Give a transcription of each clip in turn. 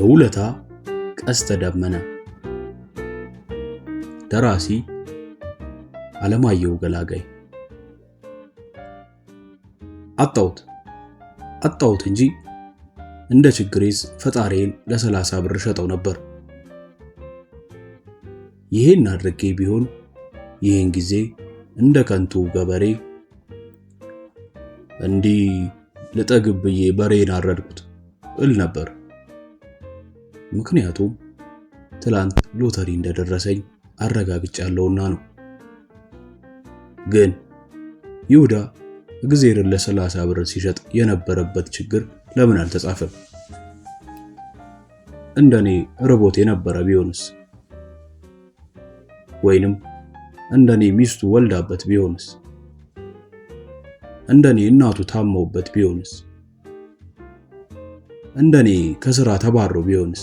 የውለታ ቀስተ ደመና ደራሲ አለማየሁ ገላጋይ። አጣሁት አጣሁት እንጂ እንደ ችግሬስ ፈጣሪን ለሰላሳ ብር ሸጠው ነበር። ይሄን አድርጌ ቢሆን ይሄን ጊዜ እንደ ከንቱ ገበሬ እንዲህ ልጠግብ ብዬ በሬን አረድኩት እል ነበር። ምክንያቱም ትላንት ሎተሪ እንደደረሰኝ አረጋግጫለውና ነው። ግን ይሁዳ እግዜርን ለሰላሳ ብር ሲሸጥ የነበረበት ችግር ለምን አልተጻፈም? እንደኔ ርቦት የነበረ ቢሆንስ? ወይንም እንደኔ ሚስቱ ወልዳበት ቢሆንስ? እንደኔ እናቱ ታመውበት ቢሆንስ? እንደኔ ከስራ ተባሮ ቢሆንስ?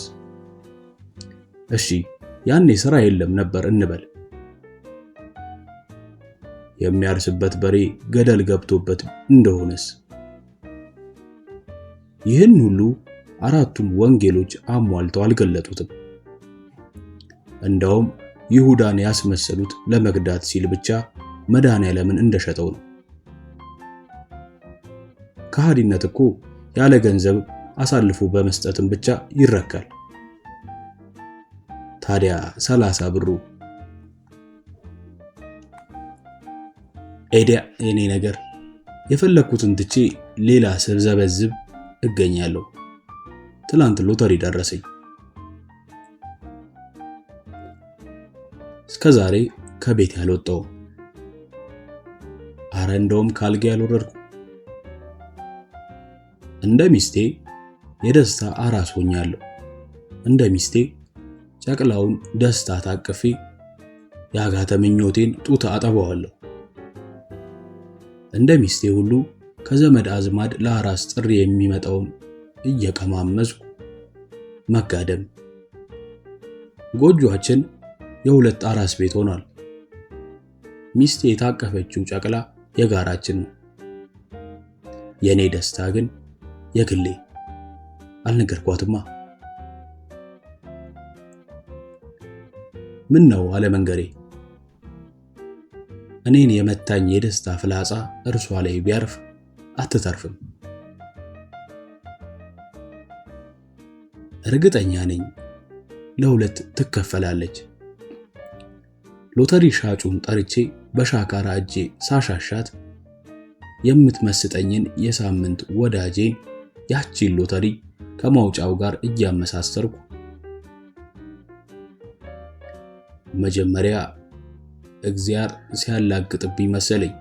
እሺ ያኔ ስራ የለም ነበር እንበል። የሚያርስበት በሬ ገደል ገብቶበት እንደሆነስ? ይህን ሁሉ አራቱም ወንጌሎች አሟልተው አልገለጡትም። እንደውም ይሁዳን ያስመሰሉት ለመግዳት ሲል ብቻ መድኃኔዓለምን እንደሸጠው ነው። ከሃዲነት እኮ ያለ ገንዘብ አሳልፎ በመስጠትም ብቻ ይረካል። ታዲያ ሰላሳ ብሩ ኤዲያ የኔ ነገር የፈለግኩትን ትቼ ሌላ ስብዘበዝብ እገኛለሁ። ትላንት ሎተሪ ደረሰኝ። እስከዛሬ ከቤት ያልወጣው አረ እንደውም ካልጋ ያልወረድኩ እንደ ሚስቴ የደስታ አራስ ሆኛለሁ። እንደ ሚስቴ ጨቅላውን ደስታ ታቅፌ የአጋተ ምኞቴን ጡት አጠባዋለሁ። እንደ ሚስቴ ሁሉ ከዘመድ አዝማድ ለአራስ ጥሪ የሚመጣውን እየቀማመዝኩ መጋደም። ጎጆአችን የሁለት አራስ ቤት ሆኗል። ሚስቴ የታቀፈችው ጨቅላ የጋራችን ነው። የእኔ ደስታ ግን የግሌ አልነገርኳትማ። ምን ነው አለመንገሬ? እኔን የመታኝ የደስታ ፍላጻ እርሷ ላይ ቢያርፍ አትተርፍም። እርግጠኛ ነኝ ለሁለት ትከፈላለች። ሎተሪ ሻጩን ጠርቼ በሻካራ እጄ ሳሻሻት የምትመስጠኝን የሳምንት ወዳጄን ያቺን ሎተሪ ከማውጫው ጋር እያመሳሰርኩ መጀመሪያ እግዚአር ሲያላግጥብኝ መሰለኝ።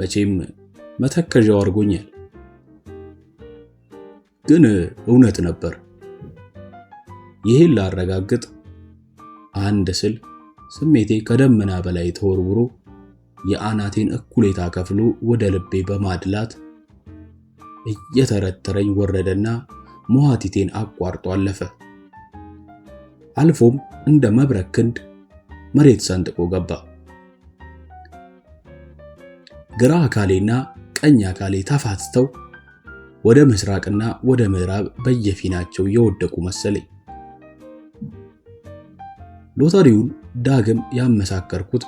መቼም መተከዣው አድርጎኛል፣ ግን እውነት ነበር። ይህን ላረጋግጥ አንድ ስል ስሜቴ ከደመና በላይ ተወርውሮ የአናቴን እኩሌታ ከፍሎ ወደ ልቤ በማድላት እየተረተረኝ ወረደና ሞሃቲቴን አቋርጦ አለፈ። አልፎም እንደ መብረቅ ክንድ መሬት ሰንጥቆ ገባ። ግራ አካሌና ቀኝ አካሌ ተፋትተው ወደ ምስራቅና ወደ ምዕራብ በየፊናቸው የወደቁ መሰለኝ። ሎተሪውን ዳግም ያመሳከርኩት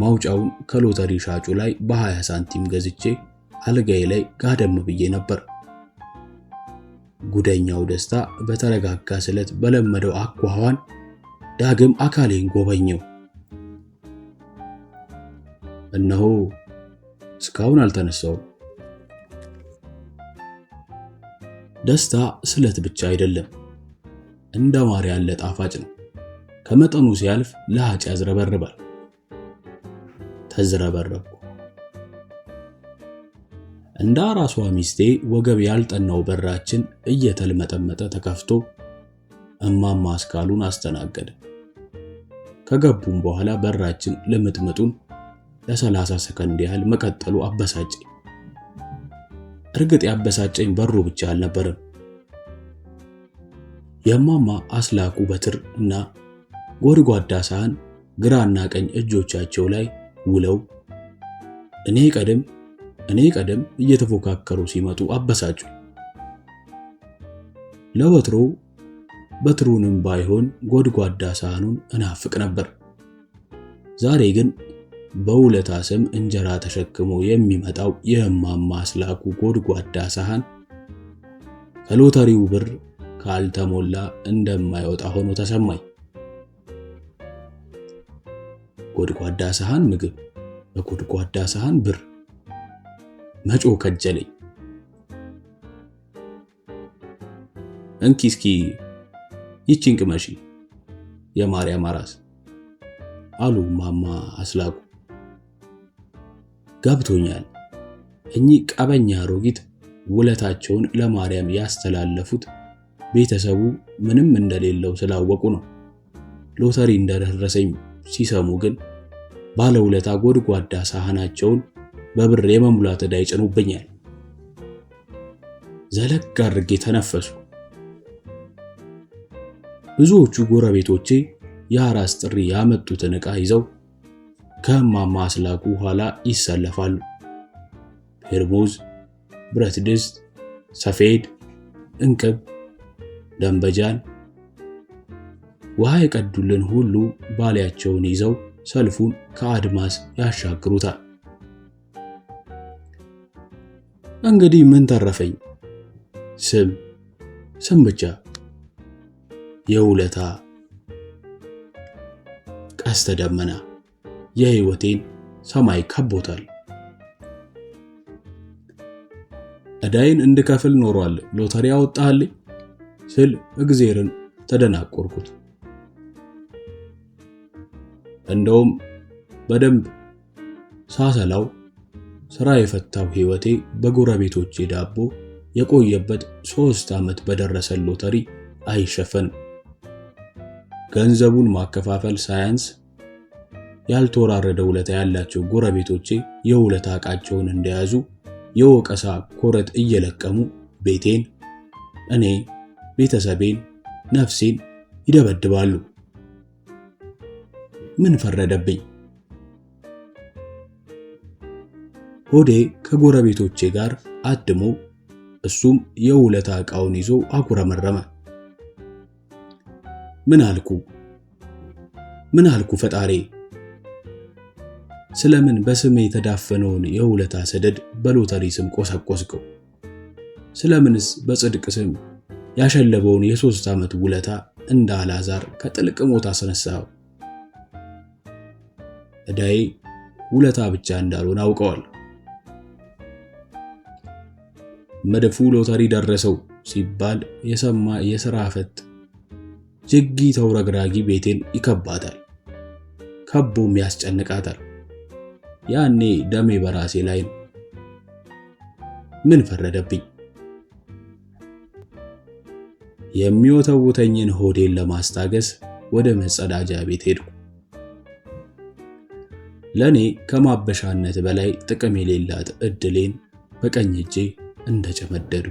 ማውጫውን ከሎተሪ ሻጩ ላይ በ20 ሳንቲም ገዝቼ አልጋዬ ላይ ጋደም ብዬ ነበር። ጉደኛው ደስታ በተረጋጋ ስለት በለመደው አኳኋን ዳግም አካሌን ጎበኘው። እነሆ እስካሁን አልተነሳውም። ደስታ ስለት ብቻ አይደለም፣ እንደ ማር ያለ ጣፋጭ ነው። ከመጠኑ ሲያልፍ ለሃጭ ያዝረበርባል። ተዝረበረብኩ። እንደ አራሷ ሚስቴ ወገብ ያልጠናው በራችን እየተልመጠመጠ ተከፍቶ እማማ አስካሉን አስተናገደ። ከገቡም በኋላ በራችን ልምጥምጡን ለሰላሳ ሰከንድ ያህል መቀጠሉ አበሳጨኝ። እርግጥ ያበሳጨኝ በሩ ብቻ አልነበረም። የእማማ አስላቁ በትር እና ጎድጓዳ ሳህን ግራና ቀኝ እጆቻቸው ላይ ውለው እኔ ቀደም እኔ ቀደም እየተፎካከሩ ሲመጡ አበሳጩ። ለወትሮ በትሩንም ባይሆን ጎድጓዳ ሳህኑን እናፍቅ ነበር። ዛሬ ግን በውለታ ስም እንጀራ ተሸክሞ የሚመጣው የእማማ አስላኩ ጎድጓዳ ሳህን ከሎተሪው ብር ካልተሞላ እንደማይወጣ ሆኖ ተሰማኝ። ጎድጓዳ ሳህን ምግብ፣ በጎድጓዳ ሳህን ብር መጮ ከጀለኝ። እንኪ እስኪ ይቺን ቅመሺ የማርያም አራስ አሉ ማማ አስላቁ። ገብቶኛል። እኚህ ቀበኛ አሮጊት ውለታቸውን ለማርያም ያስተላለፉት ቤተሰቡ ምንም እንደሌለው ስላወቁ ነው። ሎተሪ እንደደረሰኝ ሲሰሙ ግን ባለውለታ ጎድጓዳ ሳህናቸውን በብር የመሙላት ዕዳ ይጭኑብኛል። ዘለግ አድርጌ ተነፈሱ። ብዙዎቹ ጎረቤቶቼ የአራስ ጥሪ ያመጡትን ዕቃ ይዘው ከእማማ አስላቁ ኋላ ይሰለፋሉ። ፌርሙዝ፣ ብረት ድስት፣ ሰፌድ፣ እንቅብ፣ ደንበጃን፣ ውሃ የቀዱልን ሁሉ ባሊያቸውን ይዘው ሰልፉን ከአድማስ ያሻግሩታል። እንግዲህ ምን ተረፈኝ? ስም ስም ብቻ የውለታ ቀስተ ደመና የህይወቴን ሰማይ ከቦታል። እዳይን እንድከፍል ኖሯል ሎተሪ አወጣልኝ ስል እግዜርን ተደናቆርኩት። እንደውም በደንብ ሳሰላው ስራ የፈታው ህይወቴ በጎረቤቶቼ ዳቦ የቆየበት ሶስት ዓመት በደረሰ ሎተሪ አይሸፈንም። ገንዘቡን ማከፋፈል ሳያንስ ያልተወራረደ ውለታ ያላቸው ጎረቤቶቼ የውለታ ዕቃቸውን እንደያዙ የወቀሳ ኮረት እየለቀሙ ቤቴን፣ እኔ፣ ቤተሰቤን፣ ነፍሴን ይደበድባሉ። ምን ፈረደብኝ? ሆዴ ከጎረቤቶቼ ጋር አድሞ እሱም የውለታ ዕቃውን ይዞ አጉረመረመ። ምን አልኩ ምን አልኩ ፈጣሪ፣ ስለምን በስሜ የተዳፈነውን የውለታ ሰደድ በሎተሪ ስም ቆሰቆስከው? ስለምንስ በጽድቅ ስም ያሸለበውን የሶስት ዓመት ውለታ እንደ አልዓዛር ከጥልቅ ሞት አስነሳኸው? ዕዳዬ ውለታ ብቻ እንዳልሆነ አውቀዋል። መድፉ ሎተሪ ደረሰው ሲባል የሰማ የሥራ ፈት ጅጊ ተውረግራጊ ቤቴን ይከባታል፣ ከቦም ያስጨንቃታል። ያኔ ደሜ በራሴ ላይ ነው። ምን ፈረደብኝ? የሚወተውተኝን ሆዴን ለማስታገስ ወደ መጸዳጃ ቤት ሄድኩ። ለእኔ ከማበሻነት በላይ ጥቅም የሌላት እድሌን በቀኝ እጄ እንደጨመደዱ